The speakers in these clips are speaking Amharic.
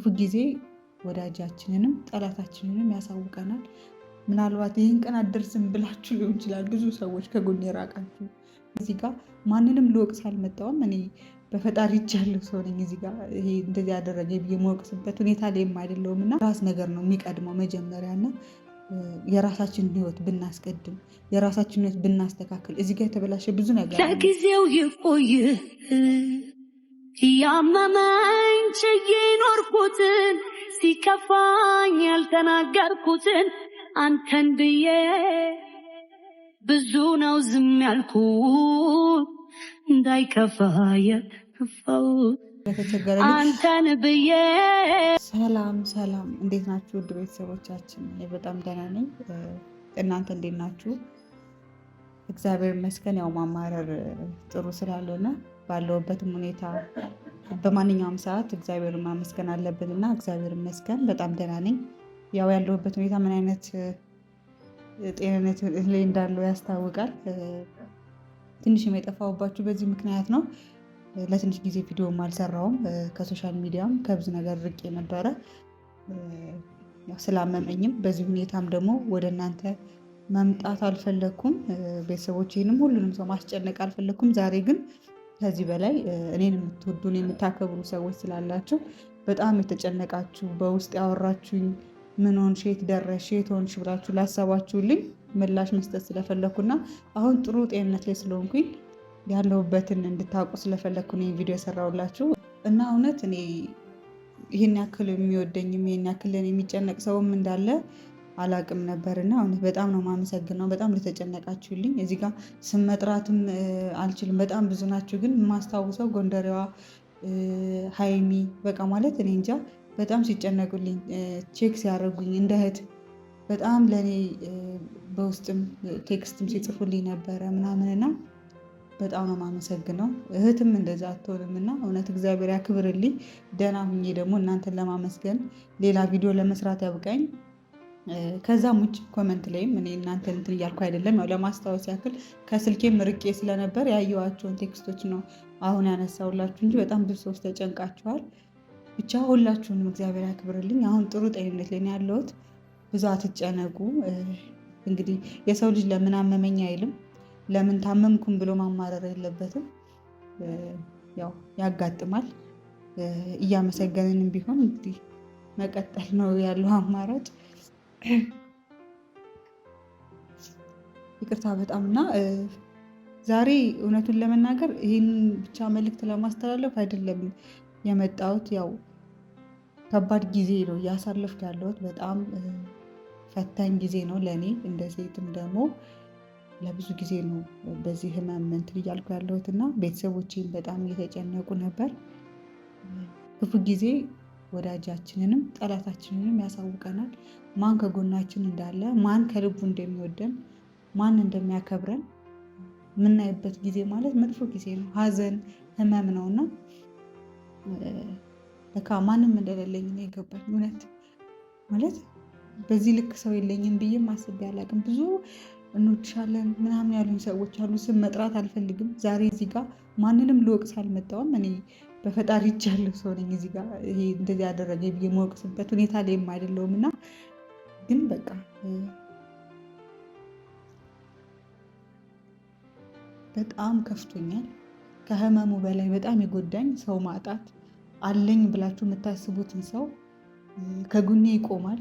ክፉ ጊዜ ወዳጃችንንም ጠላታችንንም ያሳውቀናል። ምናልባት ይህን ቀን አደርስም ብላችሁ ሊሆን ይችላል ብዙ ሰዎች ከጎን የራቃችሁ። እዚህ ጋር ማንንም ልወቅስ አልመጣሁም። እኔ በፈጣሪ እጅ ያለው ሰው ነኝ። እዚህ ጋር ይሄ እንደዚህ ያደረገ ብዬ መወቅስበት ሁኔታ ላይም አይደለውም እና ራስ ነገር ነው የሚቀድመው መጀመሪያና የራሳችንን ህይወት ብናስቀድም የራሳችንን ህይወት ብናስተካክል እዚህ ጋር የተበላሸ ብዙ ነገር ለጊዜው ይቆይ። እያመመኝ ችዬ ኖርኩትን ሲከፋኝ ያልተናገርኩትን አንተን ብዬ ብዙ ነው ዝም ያልኩት እንዳይከፋ የከፋሁት ለተቸገረ አንተን ብዬ። ሰላም ሰላም፣ እንዴት ናችሁ ውድ ቤተሰቦቻችን? በጣም ደህና ነኝ። እናንተ እንዴት ናችሁ? እግዚአብሔር ይመስገን። ያው ማማረር ጥሩ ስላልሆነ ባለውበትም ሁኔታ በማንኛውም ሰዓት እግዚአብሔር ማመስገን አለብን እና እግዚአብሔር ይመስገን በጣም ደህና ነኝ። ያው ያለውበት ሁኔታ ምን አይነት ጤንነት ላይ እንዳለው ያስታውቃል። ትንሽም የጠፋሁባችሁ በዚህ ምክንያት ነው። ለትንሽ ጊዜ ቪዲዮም አልሰራውም ከሶሻል ሚዲያም ከብዙ ነገር ርቄ ነበረ። ስላመመኝም በዚህ ሁኔታም ደግሞ ወደ እናንተ መምጣት አልፈለግኩም። ቤተሰቦቼንም ሁሉንም ሰው ማስጨነቅ አልፈለግኩም። ዛሬ ግን ከዚህ በላይ እኔን የምትወዱን የምታከብሩ ሰዎች ስላላችሁ በጣም የተጨነቃችሁ በውስጥ ያወራችሁኝ ምን ሆንሽ፣ የት ደረሽ፣ የት ሆንሽ ብላችሁ ላሰባችሁልኝ ምላሽ መስጠት ስለፈለኩና አሁን ጥሩ ጤንነት ላይ ስለሆንኩኝ ያለሁበትን እንድታውቁ ስለፈለግኩ ነው ቪዲዮ የሰራሁላችሁ እና እውነት እኔ ይህን ያክል የሚወደኝም ይህን ያክልን የሚጨነቅ ሰውም እንዳለ አላቅም ነበር እና እውነት በጣም ነው የማመሰግነው። በጣም ለተጨነቃችሁልኝ። እዚህ ጋር ስም መጥራትም አልችልም፣ በጣም ብዙ ናችሁ። ግን የማስታውሰው ጎንደሬዋ ሀይሚ በቃ ማለት እኔ እንጃ በጣም ሲጨነቁልኝ፣ ቼክ ሲያደርጉኝ እንደ እህት በጣም ለእኔ በውስጥም ቴክስትም ሲጽፉልኝ ነበረ ምናምንና በጣም ነው የማመሰግነው። እህትም እንደዛ አትሆንም እና እውነት እግዚአብሔር ያክብርልኝ። ደህና ሁኜ ደግሞ እናንተን ለማመስገን ሌላ ቪዲዮ ለመስራት ያብቃኝ። ከዛም ውጭ ኮመንት ላይም እኔ እናንተ እንትን እያልኩ አይደለም። ያው ለማስታወስ ያክል ከስልኬም ርቄ ስለነበር ያየኋቸውን ቴክስቶች ነው አሁን ያነሳውላችሁ እንጂ በጣም ብዙ ሰዎች ተጨንቃችኋል። ብቻ ሁላችሁንም እግዚአብሔር ያክብርልኝ። አሁን ጥሩ ጤንነት ላይ ያለውት ያለሁት። ብዙ አትጨነቁ። እንግዲህ የሰው ልጅ ለምን አመመኝ አይልም፣ ለምን ታመምኩም ብሎ ማማረር የለበትም። ያው ያጋጥማል። እያመሰገንንም ቢሆን እንግዲህ መቀጠል ነው ያለው አማራጭ። ይቅርታ በጣም እና ዛሬ እውነቱን ለመናገር ይህን ብቻ መልእክት ለማስተላለፍ አይደለም የመጣሁት። ያው ከባድ ጊዜ ነው እያሳለፍኩ ያለሁት። በጣም ፈታኝ ጊዜ ነው ለእኔ እንደ ሴትም ደግሞ ለብዙ ጊዜ ነው በዚህ ህመም እንትን እያልኩ ያለሁት እና ቤተሰቦቼም በጣም እየተጨነቁ ነበር ክፉ ጊዜ ወዳጃችንንም ጠላታችንንም ያሳውቀናል። ማን ከጎናችን እንዳለ፣ ማን ከልቡ እንደሚወደን፣ ማን እንደሚያከብረን የምናይበት ጊዜ ማለት መጥፎ ጊዜ ነው፣ ሀዘን ህመም ነው እና ለካ ማንም እንደሌለኝ ነው የገባኝ እውነት ማለት በዚህ ልክ ሰው የለኝም ብዬም አስቤ አላውቅም። ብዙ እንወድሻለን ምናምን ያሉኝ ሰዎች አሉ። ስም መጥራት አልፈልግም። ዛሬ እዚህ ጋር ማንንም ልወቅስ አልመጣሁም እኔ በፈጣሪ ያለው ሰው ነኝ። እዚህ ጋር ይሄ እንደዚህ ያደረገ የምወቅስበት ሁኔታ ላይም አይደለውም እና ግን በቃ በጣም ከፍቶኛል። ከህመሙ በላይ በጣም የጎዳኝ ሰው ማጣት። አለኝ ብላችሁ የምታስቡትን ሰው ከጉኔ ይቆማል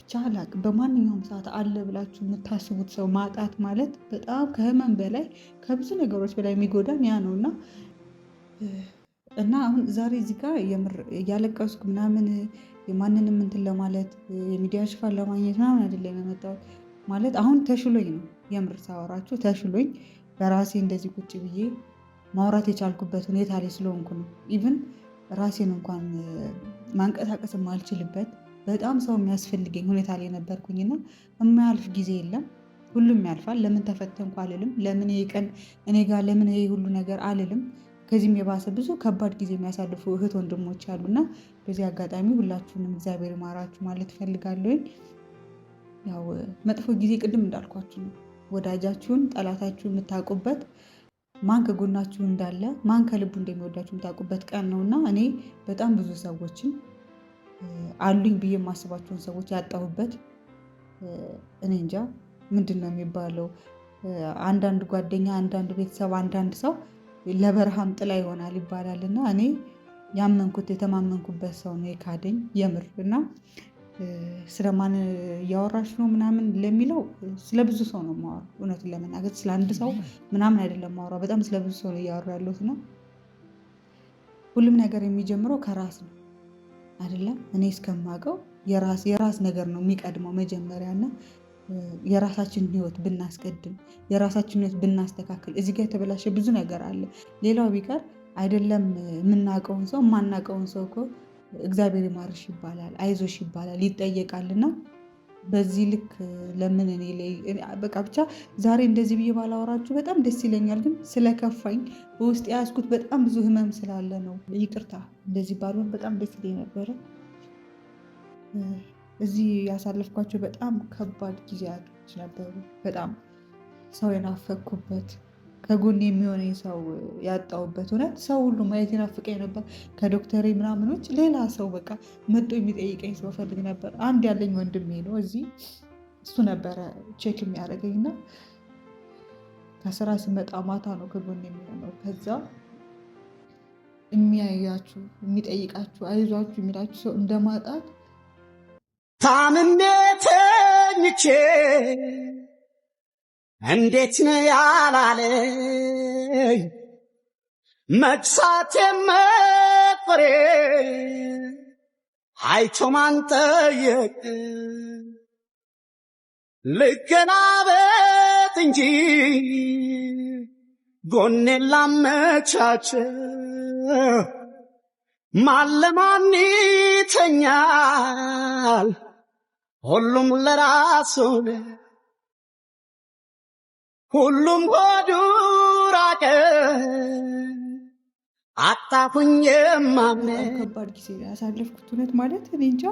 ብቻ ላቅ በማንኛውም ሰዓት አለ ብላችሁ የምታስቡት ሰው ማጣት ማለት በጣም ከህመም በላይ ከብዙ ነገሮች በላይ የሚጎዳን ያ ነው እና እና አሁን ዛሬ እዚህ ጋር የምር እያለቀስኩ ምናምን የማንንም እንትን ለማለት የሚዲያ ሽፋን ለማግኘት ምናምን አይደለም የመጣሁት። ማለት አሁን ተሽሎኝ ነው የምር ሳወራችሁ ተሽሎኝ በራሴ እንደዚህ ቁጭ ብዬ ማውራት የቻልኩበት ሁኔታ ላይ ስለሆንኩ ነው። ኢቭን ራሴን እንኳን ማንቀሳቀስ የማልችልበት በጣም ሰው የሚያስፈልገኝ ሁኔታ ላይ ነበርኩኝና የማያልፍ ጊዜ የለም። ሁሉም ያልፋል። ለምን ተፈተንኩ አልልም። ለምን ይሄ ቀን እኔ ጋር ለምን ይሄ ሁሉ ነገር አልልም። ከዚህም የባሰ ብዙ ከባድ ጊዜ የሚያሳልፉ እህት ወንድሞች አሉና በዚህ አጋጣሚ ሁላችሁንም እግዚአብሔር ማራችሁ ማለት እፈልጋለሁ። ያው መጥፎ ጊዜ ቅድም እንዳልኳችሁ ነው። ወዳጃችሁን ጠላታችሁን የምታውቁበት ማን ከጎናችሁ እንዳለ ማን ከልቡ እንደሚወዳችሁ የምታውቁበት ቀን ነው እና እኔ በጣም ብዙ ሰዎችን አሉኝ ብዬ የማስባቸውን ሰዎች ያጣሁበት እኔ እንጃ ምንድን ነው የሚባለው አንዳንድ ጓደኛ፣ አንዳንድ ቤተሰብ፣ አንዳንድ ሰው ለበረሃም ጥላ ይሆናል ይባላል እና እኔ ያመንኩት የተማመንኩበት ሰው ነው የካደኝ የምር እና ስለማን እያወራች ነው ምናምን ለሚለው ስለ ብዙ ሰው ነው የማወራው። እውነቱን ለመናገር ስለ አንድ ሰው ምናምን አይደለም የማወራው፣ በጣም ስለ ብዙ ሰው ነው እያወራ ያለሁት ነው። ሁሉም ነገር የሚጀምረው ከራስ ነው አይደለም። እኔ እስከማውቀው የራስ ነገር ነው የሚቀድመው መጀመሪያ እና የራሳችን ህይወት ብናስቀድም የራሳችን ህይወት ብናስተካክል፣ እዚህ ጋር የተበላሸ ብዙ ነገር አለ። ሌላው ቢቀር አይደለም የምናውቀውን ሰው የማናውቀውን ሰው እኮ እግዚአብሔር ይማርሽ ይባላል፣ አይዞሽ ይባላል፣ ይጠየቃልና በዚህ ልክ ለምን እኔ ላይ በቃ ብቻ ዛሬ እንደዚህ ብዬ ባላወራችሁ በጣም ደስ ይለኛል፣ ግን ስለከፋኝ በውስጥ የያዝኩት በጣም ብዙ ህመም ስላለ ነው። ይቅርታ እንደዚህ ባልሆን በጣም ደስ ይለኝ ነበረ። እዚህ ያሳለፍኳቸው በጣም ከባድ ጊዜያቶች ነበሩ። በጣም ሰው የናፈኩበት ከጎን የሚሆነ ሰው ያጣውበት እውነት ሰው ሁሉ ማየት የናፍቀኝ ነበር። ከዶክተሬ ምናምን ሌላ ሰው በቃ መጦ የሚጠይቀኝ ሰው ፈልግ ነበር። አንድ ያለኝ ወንድሜ ነው እዚህ እሱ ነበረ ቼክ የሚያደርገኝ እና ከስራ ስመጣ ማታ ነው ከጎን የሚሆነው። ከዛ የሚያያችሁ የሚጠይቃችሁ አይዟችሁ የሚላችሁ ሰው እንደማጣት ታምሜ ተኝቼ እንዴት ነው ያላለኝ መክሳት የመፍሬ አይቶ ማን ጠየቅ ልገናበት እንጂ ጎኔን ላመቻቸው ማለማን ይተኛል ሁሉም ለራሱ ሁሉም ወዱ ራቀ አጣሁኝ የማምነው ከባድ ጊዜ ያሳለፍኩት እውነት ማለት እኔ እንጃ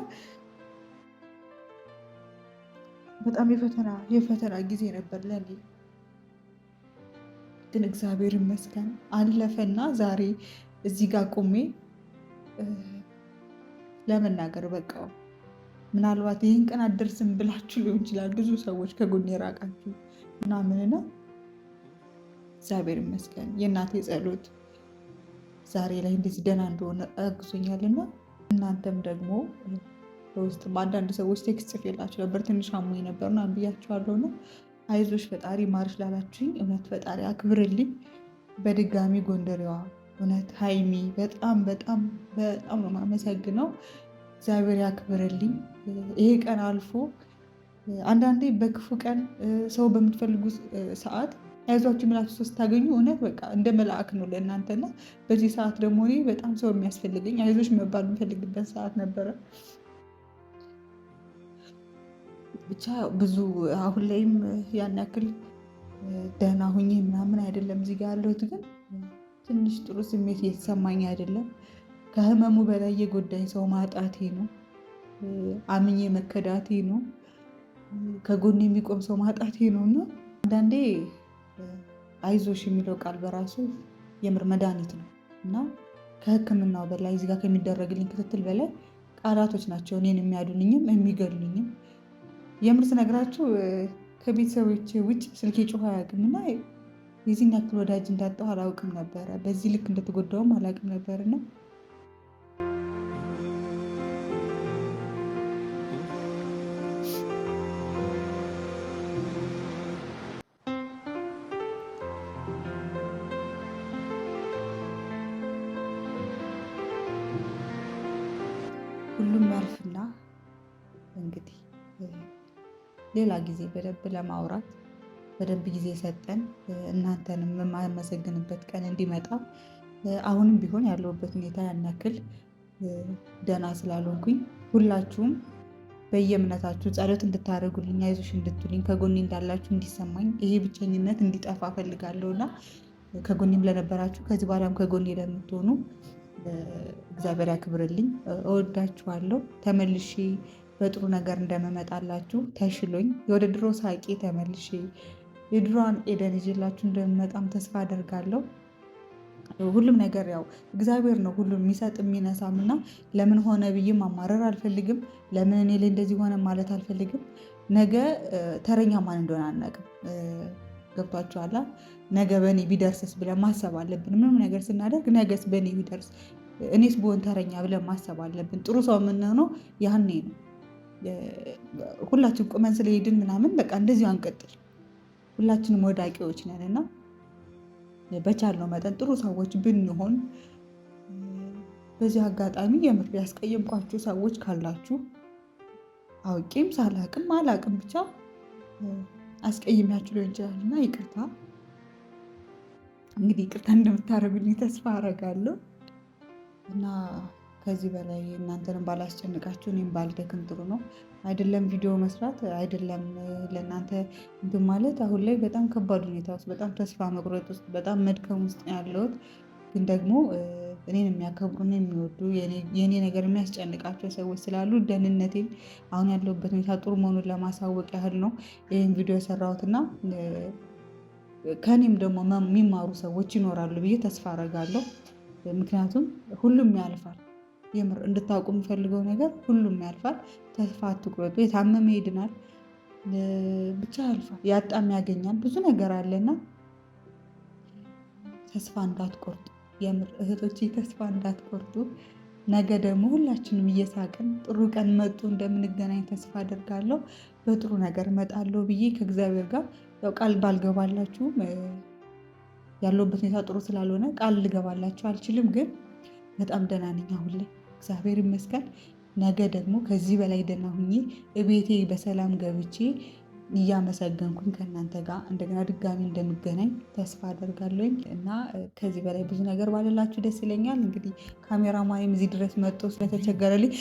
በጣም የፈተና የፈተና ጊዜ ነበር ለኔ። ግን እግዚአብሔር ይመስገን አለፈና ዛሬ እዚህ ጋር ቁሜ ለመናገር በቃው። ምናልባት ይህን ቀን አደርስም ብላችሁ ሊሆን ይችላል ብዙ ሰዎች ከጎን የራቃችሁ ምናምን ነው። እግዚአብሔር ይመስገን የእናቴ ጸሎት ዛሬ ላይ እንደዚህ ደህና እንደሆነ አግዞኛልና እናንተም ደግሞ በውስጥ በአንዳንድ ሰዎች ቴክስት ጽፌላችሁ ነበር። ትንሽ አሞኝ ነበርና ብያችኋለሁ ነው አይዞሽ ፈጣሪ ማርሽ ላላችሁኝ እውነት ፈጣሪ አክብርልኝ። በድጋሚ ጎንደሬዋ እውነት ሀይሚ በጣም በጣም በጣም ነው የማመሰግነው። እግዚአብሔር ያክብርልኝ። ይሄ ቀን አልፎ አንዳንዴ በክፉ ቀን ሰው በምትፈልጉ ሰዓት አይዟችሁ የምላችሁ ሰው ስታገኙ እውነት በቃ እንደ መልአክ ነው ለእናንተና በዚህ ሰዓት ደግሞ እኔ በጣም ሰው የሚያስፈልገኝ አይዞች መባል የምፈልግበት ሰዓት ነበረ። ብቻ ብዙ አሁን ላይም ያን ያክል ደህና ሁኜ ምናምን አይደለም እዚህ ያለሁት፣ ግን ትንሽ ጥሩ ስሜት እየተሰማኝ አይደለም። ከህመሙ በላይ የጎዳኝ ሰው ማጣቴ ነው። አምኜ መከዳቴ ነው። ከጎን የሚቆም ሰው ማጣቴ ነው እና አንዳንዴ አይዞሽ የሚለው ቃል በራሱ የምር መድኃኒት ነው እና ከህክምናው በላይ እዚጋ ከሚደረግልኝ ክትትል በላይ ቃላቶች ናቸው እኔን የሚያዱንኝም የሚገሉኝም። የምር ስነግራችሁ ከቤተሰቦች ውጭ ስልኬ ጮኸ አያውቅም እና የዚህን ያክል ወዳጅ እንዳጣሁ አላውቅም ነበረ። በዚህ ልክ እንደተጎዳውም አላውቅም ነበርና ሌላ ጊዜ በደንብ ለማውራት በደንብ ጊዜ ሰጠን። እናንተንም የማመሰግንበት ቀን እንዲመጣ አሁንም ቢሆን ያለሁበት ሁኔታ ያን ያክል ደህና ስላልሆንኩኝ ሁላችሁም በየእምነታችሁ ጸሎት እንድታደርጉልኝ አይዞሽ እንድትሉኝ ከጎኔ እንዳላችሁ እንዲሰማኝ ይሄ ብቸኝነት እንዲጠፋ እፈልጋለሁና ከጎኔም ለነበራችሁ ከዚህ በኋላም ከጎኔ ለምትሆኑ እግዚአብሔር ያክብርልኝ። እወዳችኋለሁ። ተመልሼ በጥሩ ነገር እንደመመጣላችሁ ተሽሎኝ ወደ ድሮ ሳቄ ተመልሼ የድሮዋን ኤደን ይዤላችሁ እንደመጣም ተስፋ አደርጋለሁ። ሁሉም ነገር ያው እግዚአብሔር ነው ሁሉም የሚሰጥ የሚነሳም፣ እና ለምን ሆነ ብዬ ማማረር አልፈልግም። ለምን እኔ ላይ እንደዚህ ሆነ ማለት አልፈልግም። ነገ ተረኛ ማን እንደሆነ አናውቅም። ገብቷችኋላ? ነገ በእኔ ቢደርስስ ብለን ማሰብ አለብን። ምንም ነገር ስናደርግ ነገስ በእኔ ቢደርስ እኔስ ብሆን ተረኛ ብለን ማሰብ አለብን። ጥሩ ሰው የምንሆነው ያኔ ነው። ሁላችን ቁመን ስለሄድን ምናምን በቃ እንደዚሁ አንቀጥል። ሁላችንም ወዳቂዎች ነን እና በቻልነው መጠን ጥሩ ሰዎች ብንሆን። በዚህ አጋጣሚ የምር ያስቀየምኳችሁ ሰዎች ካላችሁ አውቄም ሳላቅም አላቅም ብቻ አስቀይሚያችሁ ሊሆን ይችላል እና ይቅርታ። እንግዲህ ይቅርታ እንደምታደርጉልኝ ተስፋ አደርጋለሁ እና ከዚህ በላይ እናንተንም ባላስጨንቃችሁ እኔም ባልደክም ጥሩ ነው። አይደለም ቪዲዮ መስራት አይደለም ለእናንተ እንትን ማለት። አሁን ላይ በጣም ከባድ ሁኔታ ውስጥ፣ በጣም ተስፋ መቁረጥ ውስጥ፣ በጣም መድከም ውስጥ ያለሁት ግን ደግሞ እኔን የሚያከብሩ እኔን የሚወዱ የእኔ ነገር የሚያስጨንቃቸው ሰዎች ስላሉ ደህንነቴን አሁን ያለሁበት ሁኔታ ጥሩ መሆኑን ለማሳወቅ ያህል ነው ይህን ቪዲዮ የሰራሁትና ከእኔም ደግሞ የሚማሩ ሰዎች ይኖራሉ ብዬ ተስፋ አረጋለሁ። ምክንያቱም ሁሉም ያልፋል። የምር እንድታውቁ የምፈልገው ነገር ሁሉም ያልፋል። ተስፋ አትቁረጡ። የታመመ ይድናል፣ ብቻ ያልፋል። ያጣም ያገኛል። ብዙ ነገር አለና ተስፋ እንዳትቆርጡ። የምር እህቶች ተስፋ እንዳትቆርጡ። ነገ ደግሞ ሁላችንም እየሳቅን ጥሩ ቀን መጡ እንደምንገናኝ ተስፋ አድርጋለሁ። በጥሩ ነገር እመጣለሁ ብዬ ከእግዚአብሔር ጋር ያው ቃል ባልገባላችሁም ያለበት ሁኔታ ጥሩ ስላልሆነ ቃል ልገባላችሁ አልችልም፣ ግን በጣም ደህና ነኝ አሁን ላይ። እግዚአብሔር ይመስገን። ነገ ደግሞ ከዚህ በላይ ደህና ሁኜ እቤቴ በሰላም ገብቼ እያመሰገንኩኝ ከእናንተ ጋር እንደገና ድጋሚ እንደምገናኝ ተስፋ አደርጋለኝ እና ከዚህ በላይ ብዙ ነገር ባለላችሁ ደስ ይለኛል። እንግዲህ ካሜራማንም እዚህ ድረስ መጥቶ ስለተቸገረልኝ